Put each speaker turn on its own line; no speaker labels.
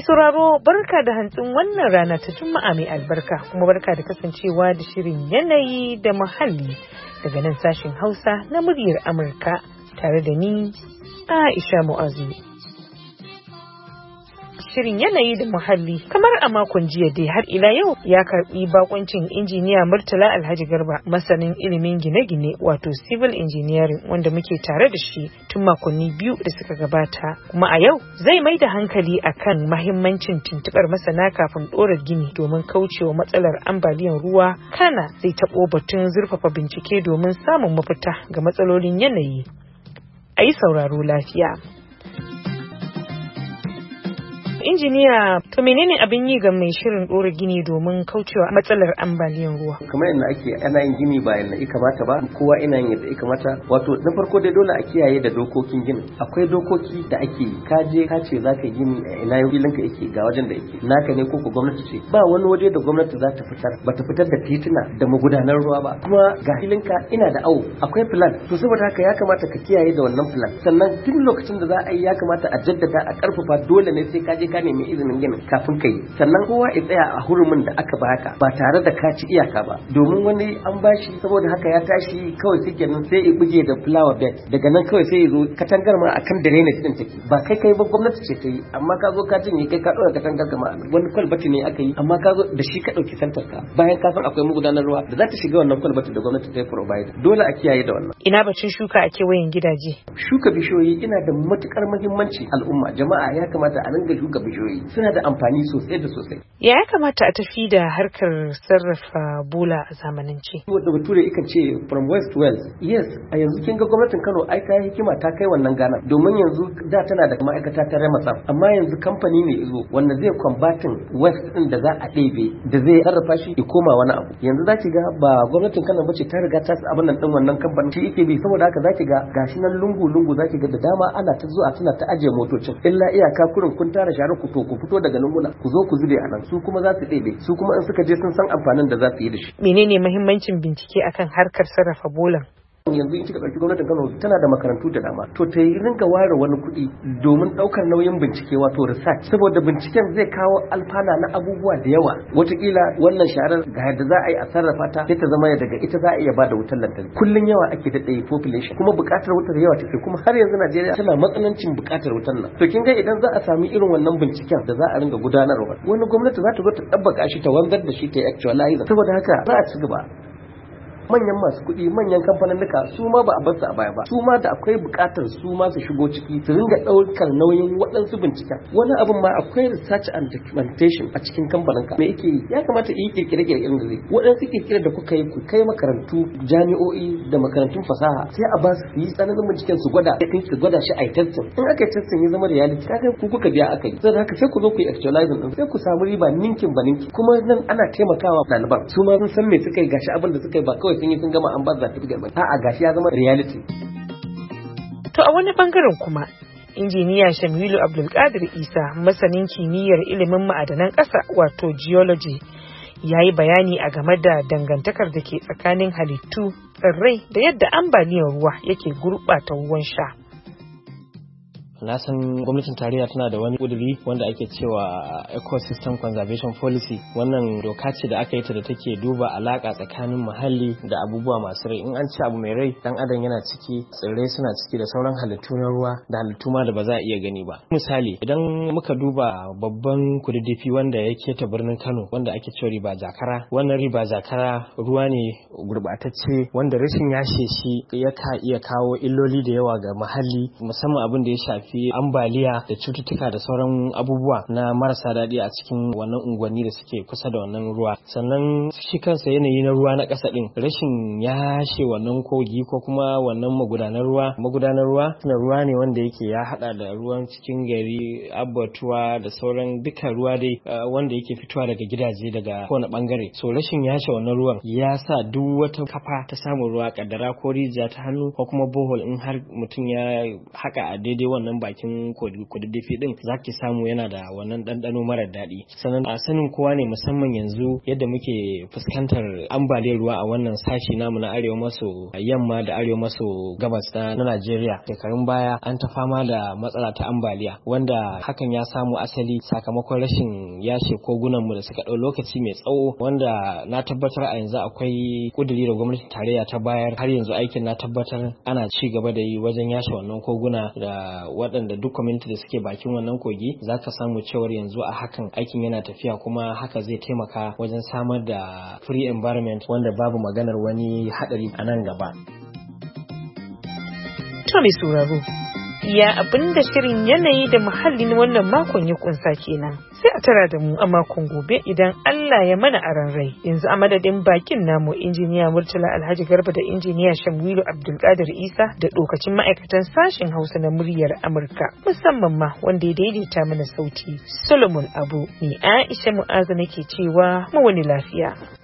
Mai sauraro barka da hantsin wannan rana ta Juma'a mai albarka kuma barka da kasancewa da shirin yanayi da muhalli daga nan sashen Hausa na muryar Amurka tare da ni Aisha Mu'azu. shirin yanayi da muhalli kamar a makon jiya dai har ila yau ya karbi bakuncin injiniya Murtala Alhaji Garba masanin ilimin gine-gine wato civil engineering wanda muke tare da shi tun makonni biyu da suka gabata kuma a yau zai mai da hankali akan mahimmancin tuntubar masana kafin dora gini domin kaucewa matsalar ambaliyar ruwa kana zai taɓo batun zurfafa bincike domin samun mafita ga matsalolin yanayi. A yi sauraro lafiya. Injiniya to menene abin yi ga mai shirin ɗora gini domin kaucewa matsalar ambaliyar ruwa? Kamar yadda ake ana
yin gini ba yadda ya kamata ba kowa ina yin yadda ya kamata wato na farko dai dole a kiyaye da dokokin gini. akwai dokoki da ake yi ka je ka ce za ka gini ina filinka yake ga wajen da yake naka ne ko ku gwamnati ce ba wani waje da gwamnati za ta fitar ba ta fitar da tituna da magudanar ruwa ba kuma ga filinka ina da awo akwai filan. to saboda haka ya kamata ka kiyaye da wannan filan. sannan duk lokacin da za a yi ya kamata a jaddada a karfafa dole ne sai ka je ka nemi izinin yin kafin kai sannan kowa ya tsaya a hurumin da aka baka ba tare da ka ci iyaka ba domin wani an bashi saboda haka ya tashi kawai sai kenan sai ya buge da flower bed daga nan kawai sai ya zo katangar ma akan dare ne din take ba kai kai ba gwamnati ce kai amma ka zo ka cinye kai ka ɗora katangar kama wani kwalbati ne aka yi amma ka zo da shi ka dauki santar ka bayan ka san akwai magudanar ruwa da za ta shiga wannan kwalbati da gwamnati ta provide dole a kiyaye da wannan ina bacin shuka a kewayen gidaje shuka bishiyoyi ina da matukar muhimmanci al'umma jama'a ya kamata a ringa shuka bishiyoyi suna da amfani sosai da sosai
ya kamata a tafi da harkar sarrafa bola a zamanin
ce? wanda bature ikan ce from west wales. yes a yanzu kin ga gwamnatin Kano ai ta hikima ta kai wannan gana domin yanzu da tana da ma'aikata ta remasam amma yanzu kamfani ne izo wanda zai kwambatin west din da za a ɗebe da zai sarrafa shi ya koma wani abu yanzu za ki ga ba gwamnatin Kano ba ce ta riga ta abin nan din wannan kamfanin shi yake bi saboda haka za ki ga gashi nan lungu lungu za ki ga da dama ana ta zuwa tana ta ajiye motocin illa iyaka kurin kun tara ƙarar ku to ku fito daga nan muna ku zo ku zube a nan su kuma za su ɗebe su kuma in suka je sun san amfanin da za su yi da shi
menene muhimmancin bincike
akan harkar sarrafa bolan yanzu in kika ɗauki gwamnatin Kano tana da makarantu da dama to ta yi ringa ware wani kuɗi domin ɗaukar nauyin bincike wato research saboda binciken zai kawo alfana na abubuwa da yawa watakila wannan sharar ga yadda za a yi a sarrafa ta sai ta zama daga ita za a iya bada wutar lantarki Kullum yawa ake daɗe population kuma buƙatar wutar yawa take kuma har yanzu Najeriya tana matsanancin buƙatar wutar nan to kin ga idan za a sami irin wannan binciken da za a ringa gudanarwa wani gwamnati za ta zo ta ɗabbaka shi ta wanzar da shi ta yi actualize saboda haka za a ci gaba manyan masu kuɗi manyan kamfaninnika su ma ba a bar su a baya ba su ma da akwai buƙatar su ma su shigo ciki su ringa ɗaukar nauyin waɗansu binciken wani abin ma akwai research and documentation a cikin kamfaninka me yake yi ya kamata yi kirkire kirkiren da zai waɗansu kirkire da kuka yi ku kai makarantu jami'o'i da makarantun fasaha sai a ba su yi tsananin binciken su gwada su gwada shi a yi testing in aka yi testing ya zama reality kaga ku kuka biya aka yi sai haka sai ku zo ku yi actualizing din sai ku samu riba ninkin ba kuma nan ana taimakawa ɗaliban su ma sun san me suka yi gashi abin da suka yi ba kawai sun yi sun gama an ba da ba a'a gashi ya zama reality to a wani bangaren
kuma injiniya Shamilu Abdulkadir Isa masanin kimiyyar ilimin ma'adanan ƙasa wato geology ya yi bayani a game da dangantakar da ke tsakanin halittu tsirrai da yadda ambaliyar ruwa yake gurɓata ruwan sha.
na san gwamnatin tarayya tana da wani kuduri wanda ake cewa ecosystem conservation policy wannan doka ce da aka yi ta da take duba alaka tsakanin muhalli da abubuwa masu rai in an ci abu mai rai dan adam yana ciki tsirrai suna ciki da sauran halittu na ruwa da halittu ma da ba za a iya gani ba misali idan muka duba babban kududdufi wanda ya keta birnin Kano wanda ake cewa riba zakara wannan riba zakara ruwa ne gurbatacce wanda rashin yashe shi ya ka iya kawo illoli da yawa ga muhalli musamman abin da ya shafi shafi ambaliya da cututtuka da sauran abubuwa na marasa daɗi a cikin wannan unguwanni da suke kusa da wannan ruwa sannan shi kansa yanayi na ruwa na ƙasa ɗin rashin yashe wannan kogi ko kuma wannan magudanar ruwa magudanar ruwa na ruwa ne wanda yake ya haɗa da ruwan cikin gari abatuwa da sauran duka ruwa dai wanda yake fitowa daga gidaje daga kowane bangare so rashin yashe wannan ruwan ya sa duk wata kafa ta samun ruwa kaddara ko rijiya ta hannu ko kuma bohol in har mutum ya haka a daidai wannan bakin kududdufi din ki samu yana da wannan ɗanɗano mara daɗi sannan a sanin kowa ne musamman yanzu yadda muke fuskantar ambaliyar ruwa a wannan sashi namu na arewa maso yamma da arewa maso gabas na Najeriya shekarun baya an ta fama da matsala ta ambaliya wanda hakan ya samu asali sakamakon rashin yashe kogunan mu da suka ɗau lokaci mai tsawo wanda na tabbatar a yanzu akwai kuduri da gwamnati tarayya ta bayar har yanzu aikin na tabbatar ana ci gaba da yi wajen yashe wannan koguna da waɗanda duk kwaminti da suke bakin wannan kogi za ka samu cewar yanzu a hakan aikin yana tafiya kuma haka zai taimaka wajen samar da free environment wanda babu maganar wani haɗari a nan gaba.
Tommy iya abinda shirin yanayi da muhalli na wannan makon ya kunsa kenan. Sai a tara da mu a makon gobe idan Allah ya mana aran rai. Yanzu a madadin bakin namu injiniya Murtala Alhaji Garba da injiniya Shamwilu Abdulkadir Isa da dokacin ma'aikatan sashen Hausa na muryar Amurka musamman ma wanda ya daidaita mana sauti Solomon Abu ni Aisha Mu'azu nake cewa mu wani lafiya.